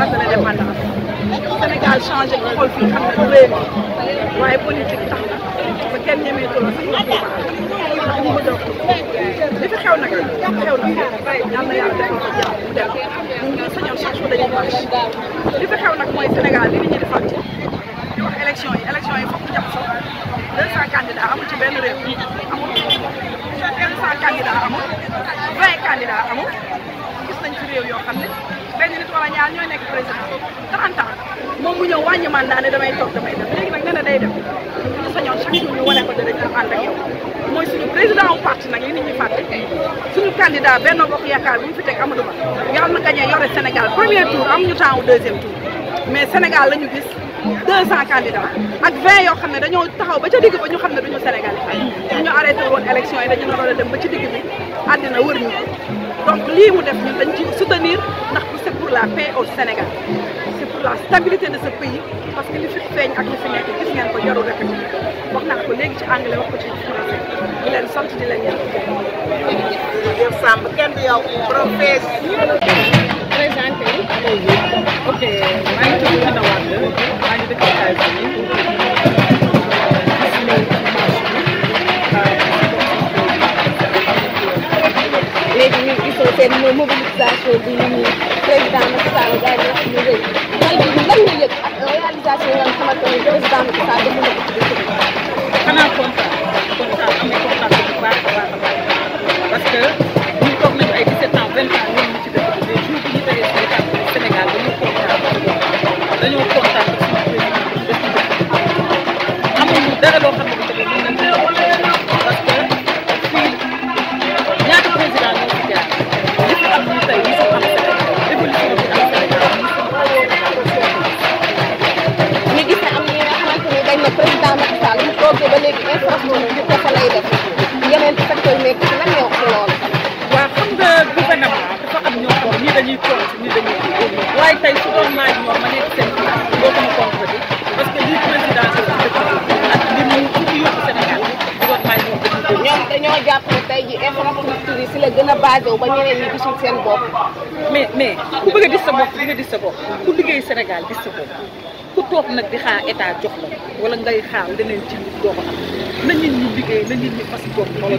commencé na dépendance Sénégal changé nga xool fii waaye politique tax na ba kenn ñemee tolloo sax wax dëgg mu bëgg li fi xew nag xew na yàlla na yàlla mu dem ñun sañoon chaque jour dañuy marche li fi xew nag mooy Sénégal li nit ñi di fàtte di wax élection yi élection yi foog ñu Awa Niang ñoo nekk président 30 moom mu ñëw wàññi mandat ne damay toog damay def léegi nag nee na day def ñu sañoon chaque jour ñu wane ko danañ a ànd ak yow mooy suñu président wu parti nag li nit ñi fàtte suñu candidat Benno Bokk Yaakaar bu ñu fi teg Amadou Ba yàlla na gañee yore Sénégal premier tour am ñu temps wu tour mais Sénégal la ñu gis deux cent candidats ak vingt yoo xam ne dañoo taxaw ba ca digg ba ñu xam ne duñu Sénégal yi ñu ñu arrêté woon yi dañu naroon a dem ba ci digg bi àddina lii mu def dañ ci soutenir pour la paix au Sénégal c' est pour la stabilité de ce pays parce que li fi feeñ ak li fi nekk gis ngeen ko jarul répété wax naa ko léegi ci anglais wax ko ci français di leen sant di leen yàlla. yow Samb kenn du yow professeur. présenté ok maa ngi tudd Anna Wade maa ngi dëkk États-Unis léegi ñu gisoo seen mobilisation bi ñu président Macky Sall jaay ma ñu ngi lay tey jii ñu lan nga yëg ak réalisation yi nga xamante ne président Macky Sall def na ko ci dëkk bi. xanaa kontaan kontaan am na kontaan bu baax a baax a baax parce que ñu toog nañu ay 17 ans 20 ans ñoom ñu ci dëkk bi mais jour bi ñu tegee Sénégal dañoo kontaan dañoo kontaan soulagé wu ba ñeneen ñi gisul seen bopp. mais mais ku bëgg sa bopp di sa bopp ku liggéey Sénégal gis sa bopp ku toog nag di xaar état jox la wala ngay xaar leneen ci nit doo na nit ñi liggéey na fas bopp moo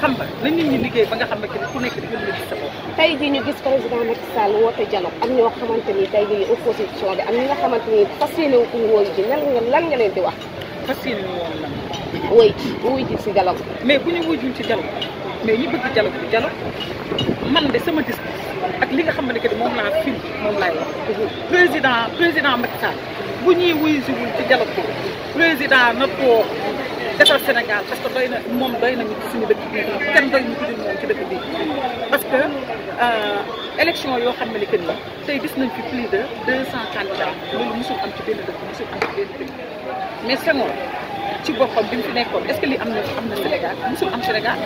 xam na nit ñi liggéey ba nga xam ne ku nekk di nga gis sa bopp. tey jii ñu gis président Macky Sall woote dialogue am ñoo xamante ni tey opposition bi am ñi nga xamante ni fas yéene ji lan nga lan leen di wax. fas yéene woon lan. wóoy si dialogue. mais bu ñu wóoyul ci dialogue. mais ñi bëgg dialogue bi dialogue man de sama discours ak li nga xam ne que ni moom laa firi moom laay wax. président président Macky Sall bu ñuy wuyu si wul ci dialogue boobu président na koo defal Sénégal parce que doy na moom doy nañu ci suñu dëkk bi kenn doy ñu ci dul moom ci dëkk parce que euh, élection yoo xam ne ni que ni tey gis nañ fi plus de deux cent candidats loolu mosul am ci benn dëkk mosul am ci benn dëkk mais Senghor. ci boppam bi mu fi nekkoon est-ce que li am na am na Sénégal am Sénégal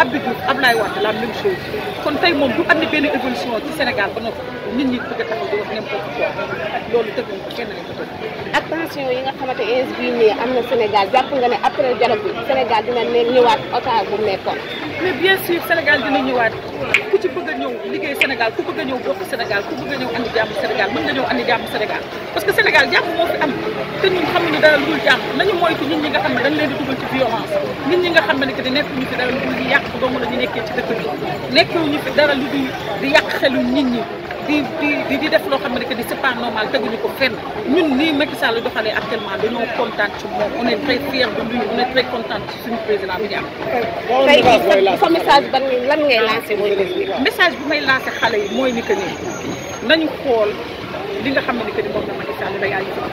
Abdou Diouf Abdoulaye Wade la même chose kon tey moom du am ni benn évolution ci Sénégal ba noppi nit ñi bëgg a taxaw di wax n'importe quoi loolu tëgguñ ko kenn lañ ko tëgg. ak tension yi nga xamante ne bii nii am na Sénégal jàpp nga ne après dialogue bi Sénégal dina ñëwaat otage bu nekkoon. mais bien sûr Sénégal dina ñëwaat ku ci bëgg ñëw liggéey Sénégal ku bëgg ñëw bokk Sénégal ku bëgg jàmm Sénégal mën nga ñëw andi jàmm Sénégal parce que Sénégal jàmm te ñun xamuñu dara lu dul jàmm nañu moytu nit ñi nga xam ne dañ leen nekkuñu fi dara lu dul di doomu la ñu nekkee ci dëkk bi nekkuñu fi dara lu dul di xelu nit ñi di di di def loo xam ne que ni c'est pas normal teguñu ko fenn ñun nii Macky Sall doxalee actuellement dañoo de lui on est très content ci suñu président bi di am. tey jii sa message lan ngay mooy message bu may lancé xale yi mooy ni que nañu xool li nga xam ne que ni moom la Macky Sall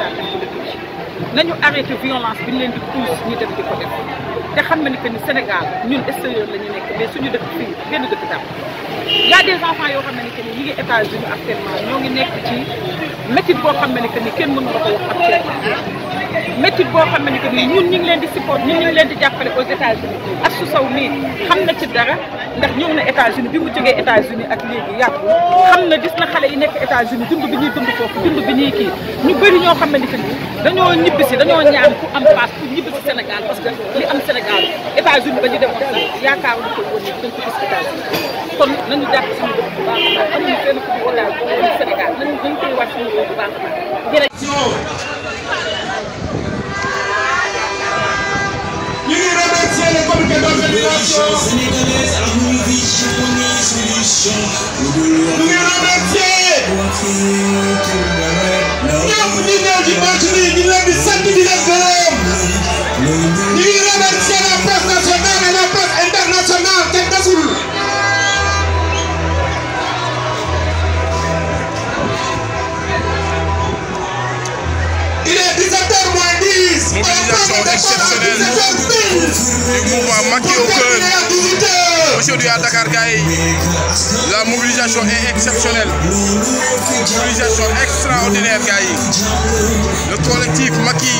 Sénégal def ko def ci nañu arrêté violence bi leen di pousse ñu dem di ko def te xam na ni que ni Sénégal ñun extérieur la ñu nekk mais suñu def fii benn dëkk dàpp y a des enfants yoo xam ne ni que ni ñu ngi États-Unis actuellement ñoo ngi nekk ci métit boo xam ne ni que ni kenn mënu la ko wax actuellement métit boo xam ne ni que nii ñun ñu ngi leen di support ñun ñu ngi leen di jàppale aux États-Unis Astou Sow mii xam na ci dara ndax ñëw na États-Unis bi mu jógee États-Unis ak léegi yàqu xam na gis na xale yi nekk États-Unis dund bi ñuy dund foofu dund bi ñuy kii ñu bëri ñoo xam ne ni fi dañoo ñibbi si dañoo ñaan ku am paas pour ñibbi si Sénégal parce que li am Sénégal États-Unis ba ñu dem wax yaakaaru ko woon ni dañ ko gis États-Unis kon nañu jàpp suñu bopp bu baax a baax amuñu fenn fu ñu ko daal Sénégal nañu dañ koy wàcc suñu bopp bu baax a les communications. Les Sénégalaises, à vous, les Japonais, les Chants, exceptionnelle. au cœur. Aujourd'hui à Dakar la mobilisation est exceptionnelle. Une mobilisation extraordinaire Gaï. Le collectif Macky.